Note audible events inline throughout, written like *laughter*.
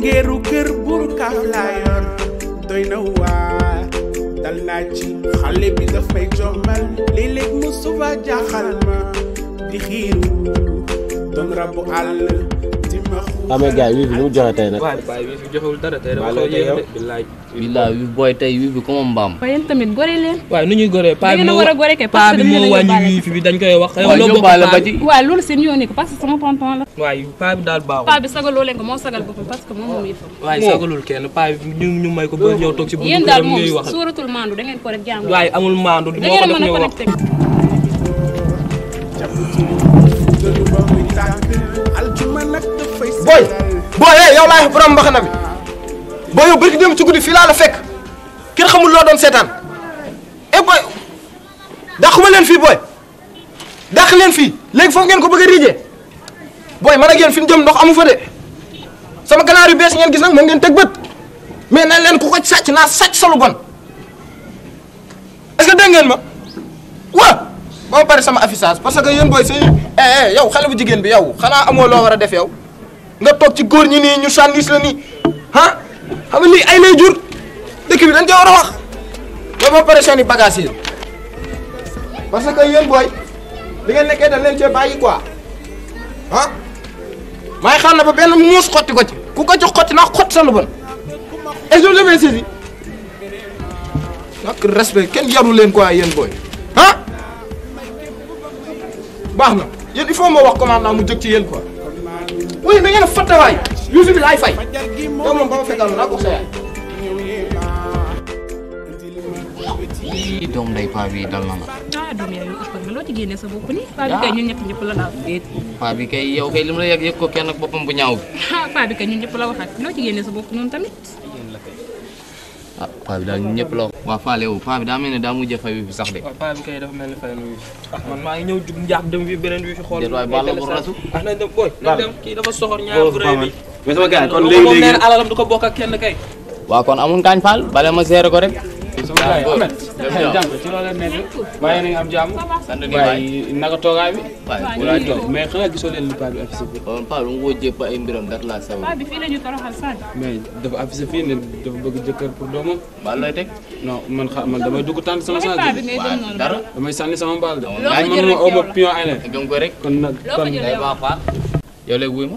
ngeeru kër burka flyer, laa yor doy na waa dal naa ci xale bi daf may jombal leeg mu suba jaaxal ma di xiiru doon rabu àll amee ah, gars yi wii bi lu mu joxe tey nag. waaw waaye wii bi joxewul dara tey dafa xaw a yéex de. billaay billaay wii booy tey wii bi comme mbaam. moo paa bi dañ koy wax. loolu seen yoon ko parce que sama tonton la. waaye paa daal baaxul. paa bi ko moo sagal boppam parce que moom moom sagalul kenn paa ñu may ko ba ñëw toog si bu yéen daal moom sóoratul maandu da ko rek jàng waaye amul maandu moo ko def yow lay borom mbaxana bi ba yow barki dem ci guddi fi la la fekk kenn xamul lo doon seetaan e boy dàquma len fi boy dakh len fi leg fo ngeen ko bëgg a boy man ak fi ñu ndox amu fa de sama ganaar yu bees ngeen gis nak mo ngeen teg bët mais nañ len ku ko sàcc naa sàcc sa lu bon est ce que ngeen ma wa ba pare sama affichage parce que yeen boy, sey eh eh yow xale bu jigen bi yow xanaa amo lo wara def yow nga tok ci gor ñi ni ñu sànnis la ni ha xam li ay lay jur dekk bi dañ cee wara wax ba ba pare seeni bagage yi parce que yeen boy li ngeen nekké dañ leen ci bayyi quoi ha may xal na ba ben mus xoti ko ci ku ko ci xoti na xot sa lu bon et je le mets ici nak respect ken yaru leen quoi yeen boy ha baxna yeen il faut mo wax commandant mu jëg ci yeen quoi oui na ngeen a ma fekkal naa ko sa yaay. lii doom day paa bi dal na la. ah doom ci génnee sa bopp nii. paa kay ñun ñëpp ñëpp la daal. déet paa bi kay yow kay li la yàgg yëg ko kenn ak boppam bu ñaaw bi. ah paa bi kay ñun ñëpp la waxaat loo ci génnee sa bopp noonu tamit. ah paa bi daal ñëpp la wax. waa Fallé wu paa bi daa mel mujj a fay wi fi sax de. waaw bi kay dafa mel ne fay na wi fi. Ah, man maa ngi ñëw jug njaax dem fi beneen wi fi xool. déedéet waay Balla bu rasu. ah nañ dem booy nañ dem kii dafa soxor ñaar vrai bi. mais sama gars alalam du ko bokk kenn kay. waaw kon amul ngaañ Fall bale ma seere ko rek. sama gars yi Ahmed. jàmm ci loolu la nekk waaye na nga am jàmm. waaye a toogaay bi. waaye toog mais xanaa gisoo leen li paa bi affiché lu mu bi fii fii ne dafa bëgg jëkkër pour doomam. baal lay teg. no man xa man damay dugg tànn sama sang. waaw dara damay sànni sama mbaal de. loo ko jëlee rek yow man man ma oo ma pion ay leen. donc rek kon nag kon. yow léegi wuy ma.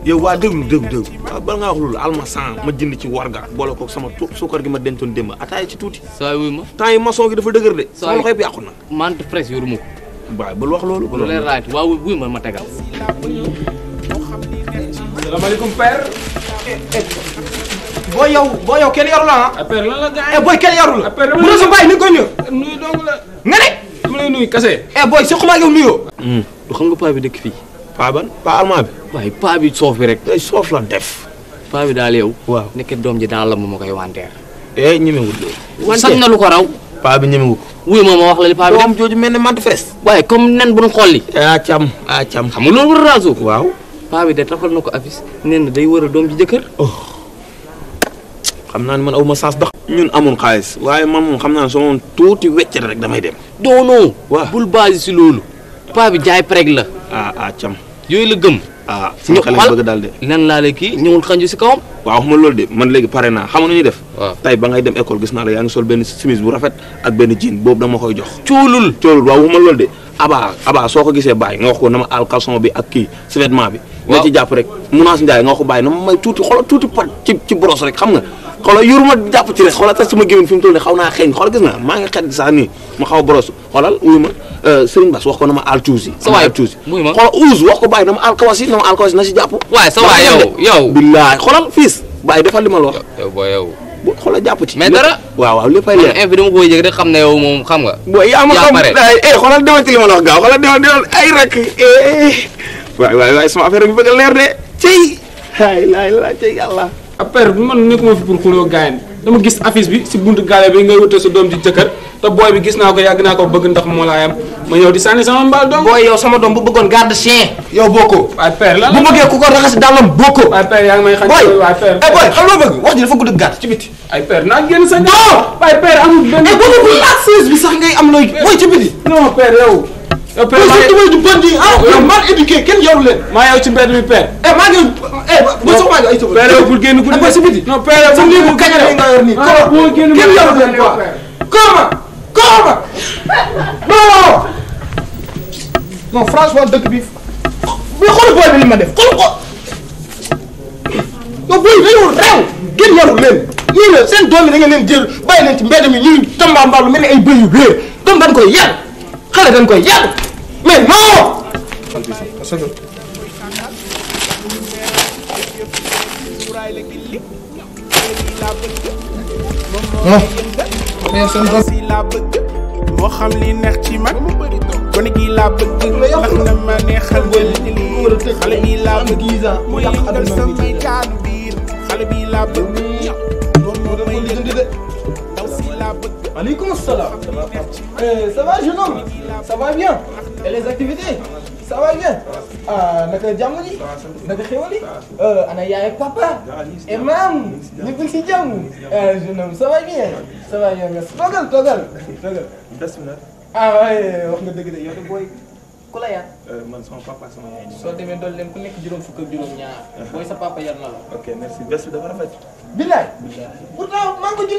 yow wa deug deug deug waaw bal nga wax almasan ma jindi ci warga bolo ko sama sukar gi ma dentone demba ataaya ci touti saa wuy ma tay yi maçon gi dafa dëgër de sama loxo bi yàqu na mante presse yoruma ko waaw bul wax loolu lu leen raaj waaw wuy ma ma tegal alaykum père eh, eh. boy yow boy yow kenn yarula la ah? eh, père lan la gay eh boy kenn yarula la bu so bay ni ko ñu nuy nuyu dong la nga dama lay nuy kasse eh boy si xuma yow nuyoo du hmm. xam nga pa bi dekk fi paa ban paa almaa bi. waaye bi soof bi rek. day soof lan def. paa bi daal yow. waaw doom ji daal la ma koy eh, na lu ko raw. paa bi ñemewu ko. wuyu ma ma wax la li paa bi. doom jooju mel ne waaye a raasoo. waaw na ko affiche nee na war a doom ji jëkkër. Oh. naa ne man aw ma saas dox. xaalis waaye man moom xam naa ne soo moom tuuti weccet rek damay dem. doono. bul base si loolu. paa jaay preg la. Ah, ah, yooyu la gëm. ah sama xale bëgg daal de. lan laa kii ñëwul xanju si kawam. waaw xam loolu de man naa xam ñu def. waaw tey ba ngay dem école gis naa la yaa ngi sol benn bu rafet ak benn jean boobu dama koy jox. coolul coolul waaw waxuma soo ko gisee bàyyi nga wax ko na ma àll caleçon bi ak kii survêtement bi. waaw ci jàpp rek Mounass Ndiaye nga wax ko bàyyi na may tuuti xoolal tuuti pat ci ci brosse rek xam nga. xoolal yoruma jàpp ci rek xoolal sax sama gémmiñ fi mu toll nii xaw naa xeeñ xoolal gis na maa ngi xet sax nii ma xaw brosse xoolal wuyu Euh, Serigne Bass wax ko na ma aal tuusi. sa waay muy ma xoolal uus wax ko bàyyi na ma aal kawas yi na ma aal kawas yi na si jàpp. waaye sa waay yow yow billaay xoolal fiis bàyyi defal li ma la wax. yow booy yow. bu xoolal jàpp ci. mais dara waaw waaw léppay leer man dama koy yëg rek xam ne yow moom xam nga. yaa ma xam eh xoolal demal ci li ma la wax gaaw xoolal demal demal ay rek. Eh. waay waay waay sama affaire bi bëgg a leer de. cey. waay laay laay cey yàlla. affaire bi man nekkuma fi pour xuloo gaañ dama gis affice bi si buntu gaale bi ngay wute sa doom di jëkkër te booy bi gis naa ko yàgg naa ko bëgg ndax moo am ma ñëw di sànni sama mbaal doom. booy yow sama doom bu bëggee ku ko raxas dàllam bokkoo. waaye père yaa ngi may xañ. booy waaye eh, booy xam loo bëgg wax ji dafa gudd gàtt ci biti. ay père naa génn eh, bi sax ngay am looy. booy ci biti. yow euh, père maa ngi du bon di ah mal éduqué kenn yoru leen. maa yow ci mbedd mi père. eh maa ngi eh bu soxlaa ay tëbal. père yow bul génn guddi si biti. non père yow sa néegu kañ la nga yor nii. kóor ah, kenn yoru leen quoi. kooma kooma non non franchement dëkk bi mais xool booy bi li ma def xool ko. yow booy dañoo rew kenn yoru leen ñii la seen doom yi da ngeen leen jël bàyyi leen ci mbedd mi ñuy tambambaalu mel ni ay bëy yu réer doom dañ koy yar. xale dañ koy yàgg mais non. moo xam li neex ci mag gone gi laa bëgg ndax na ma neexal xale bi laa bëgg mooy dal samay jaanu biir xale bi laa bëgg Alaykoum salam. Eh, ça va, jeune homme Ça va bien Et les activités Ça va bien Ah, naka jàmm ji naka xéwal yi euh, ana yaay papa et maman, ñëpp si jàmm eh jeune homme ça va bien ça va bien merci toogal toogal toogal ah ouais, on nga dëgg de yow de boy. ku la yar. Euh, man sama papa sama yaay. soo leen ku nekk juróom fukk ak juróom ñaar. Uh-huh. booy sa papa yar na la. ok merci bés bi dafa rafet. billaay. billaay pourtant maa ngi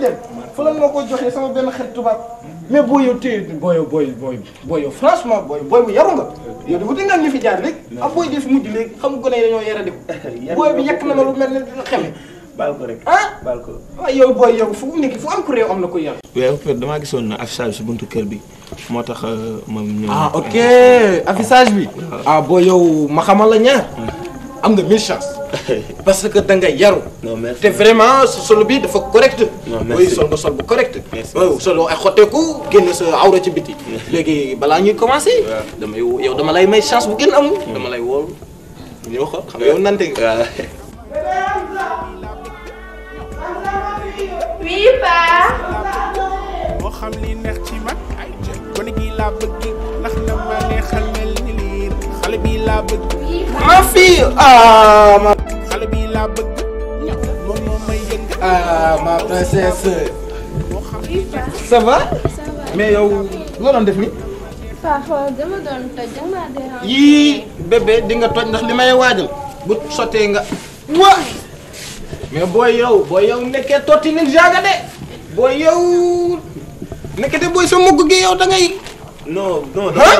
ah. la ma ko joxee sama benn xarit tubaab. Mm-hmm. mais boo yow téye boo yow booy booy booy yow franchement booy bu yaru nga. yow dafa dëgg ñu fi jaar léegi. am booy def mujj ko. *laughs* booy bi na ma lu mel ne dina xeme. baal ko rek ah baal ko. Ah, fu mu na ko yar. waaye damaa gisoon na affichage si buntu kër bi Oke, euh, apa ma ñëw. ah ok affichage bi. ah, ah boo yow ma xamal la ñaar. am nga mille chance. *laughs* parce que da nga yaru. non merci te vraiment sa solo bi dafa correct. non merci sol nga sol bu correct. merci solo ay xotteeku génn sa awra ci biti. *laughs* léegi balaa ñuy commencé. dama yow dama lay may chance bu gën amul. dama lay woo ñëw xool xam yow nante oui pa. li neex ci xale bi laa bëgg ndax na ma neexal mel ni xale bi laa bëgg. ma fi ah xale bi la bëgg. moom moo may yëngu. Ah, ah ma princesse. ça va. mais yow def nii. Papa dama doon yii bébé di toj ndax li may waajal. bu sottee nga. wa mais booy yow booy yow nekkee totti ni jaaga de. booy yow. nekkete booy sa mugg gi yow da ngay. non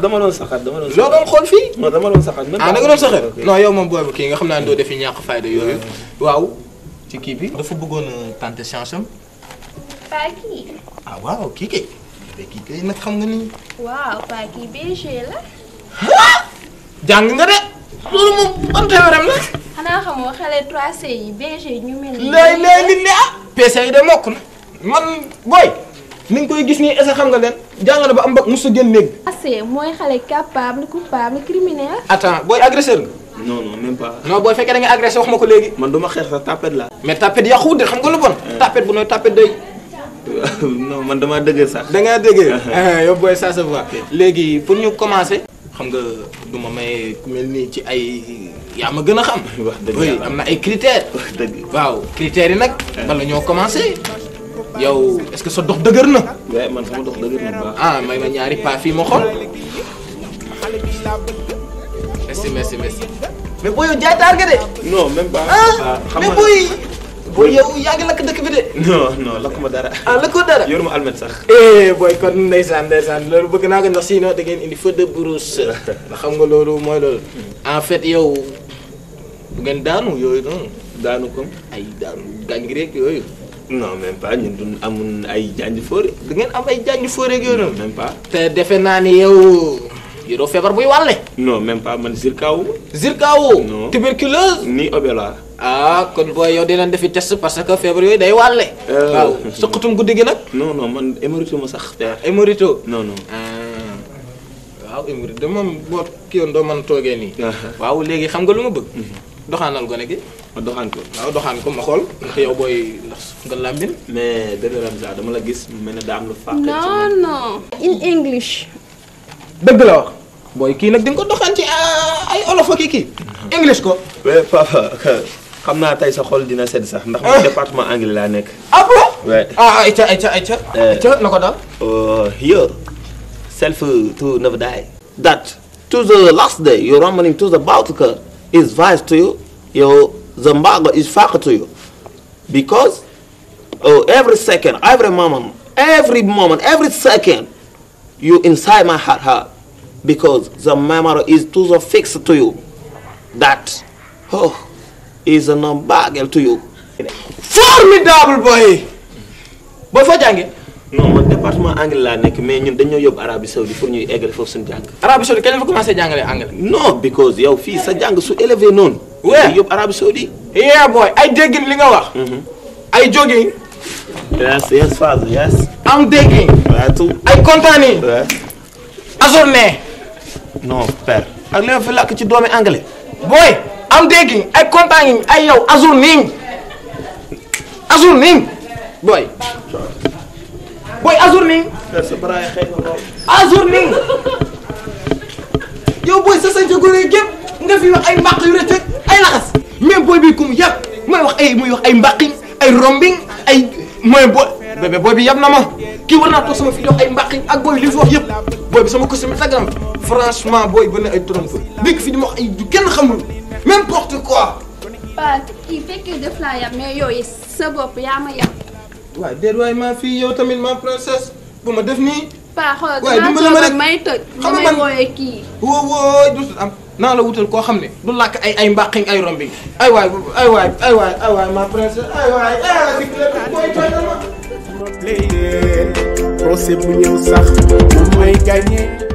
dama doon saxaat dama doon. loo doon xool fii. non dama doon saxaat ah da nga doon saxaat non yow moom booy bu kii nga xam naa ne doo defi ñàkk fayda yooyu. waaw kii bi. dafa bëggoon euh, tenter chance am. paa kii. ah waaw kii kay. nag xam nga ni. waaw paa kii la. jàng nga de. loolu moom ban théorème la. xanaa xamoo xale 3 yi berger ñu mel. lay lay li li ah. yi de mokk man booy. ni koy gis ni jangan xam nga len jàng ba am bac mos a génn néeg. assez mooy xale capable coupable criminel. attends boy agresseur nga. non non même pas. non boy fekkee da nga agresser wax ko man duma xex sa tapette tapet la. mais tapette ya de xam nga lu bon. Eh. tapet bu noy tapet day. *laughs* non man dama dëggee sax. da yo boy yo boy ça se voit. léegi pour ñu commencer. xam nga duma may ku mel ci ay ya ma gëna xam. *laughs* wax dëgg ay critères. wax waaw critères yi eh. ba la ñoo commencer. yow est-ce que sa dox dëgër na. waaye man sama dox dëgër na ah may ma ñaari pas fii ma xool. merci merci mais booy yow jaay taar nga de. non même ah, ah mais booy. yaa ngi lakk dëkk bi de. non non lakk ma dara. ah lakkoo dara yor ma almet eh, loolu bëgg naa ko ndax sinon da ngeen indi feu de brousse. ndax *laughs* xam nga mooy loolu. en fait yow. du ngeen daanu yooyu noonu. daanu comme ay daanu gaañ gi rek yooyu. non même pas ñun duñ amun ay janj fóore da am ay janj fóore ak yooyu même pas. te defe naa ni yow yoroo feebar buy wàlle. non même pas man zirkaawu. zirkaawu. non tuberculose. ni obéla. ah kon booy yow dinañ defi test parce que feebar yooyu day wàlle. Euh. waaw sëqatum guddi gi nag. non non man émorito ma sax. te émorito. non non. Ah. waaw émorito moom boo kii yoon doo mën toogee nii. *laughs* waaw léegi xam nga lu ma bëgg. Mhm. doxaanal gone gi. ma doxaan ko waaw doxaan ko ma xool ndax yow booy ndax nga làmbin mais bébé Ramza dama la gis mel ne daa am lu fàq non non in English dëgg la wax booy kii nag di nga ko doxaan ci ah, ay olof ak kii English ko mais papa xam naa tey sa xol dina sedd sax ndax man eh. département anglais laa nekk ah bon ah ayca ayca ayca eh. ayca na ko daal oh, here self to never die that to the last day you're rambling to the Baltica is vice to you you the embargo is fact to you. Because oh, every second, every moment, every moment, every second, you inside my heart, heart. Because the memory is too fixed to you. That, oh, is an embargo to you. Formidable boy! Boy, for non my département anglais laa nekk mais ñun dañoo yóbbu Arabie Saoudite pour ñuy eggale foofu suñu jàng. Arabie Saoudite kañ la fa commencé anglais. non because yow fii sa jàng su élevé noonu. oui dañuy yóbbu Arabie Saoudite. yeah boy ay déggin li nga wax. Mm-hmm. jogging. yes yes father, yes. i am déggin. I ay kontaani. waaw. ajourné. non père. ak li nga fi làkk ci doomi anglais. boy i am déggin I kontaani ay yow ajourné ajourné boy. booy ajourning. ajourning. yow booy sa sañse gone gépp nga fi wax ay mbaq yu rëcc ay laxas wax ay muy wax ay mbaqi ay rombing ay mooy booy bébé booy bi yab na ma kii war naa toog sama fi wax ay mbaqi ak booy li fi wax yëpp booy bi sama costume Instagram franchement booy ba ne ay trompe fi di ma wax ay du kenn xamul n'importe quoi. waaw kii fekkee def laa yab mais yooyu sa bopp yaa ma yab. waaye déet waaye maa fii yow tamit ma princesse bu ma def nii. paa xoolal damaa toog may toj. xam nga man wooyee kii. woo woo du am naa la wutal koo xam ne du làkk ay ay mbàqiñ ay rombiñ ay waay ay waay ay waay ay waay ma princesse ay waay ay waay mooy toogal ma. procès bu ñëw sax moom mooy gagné.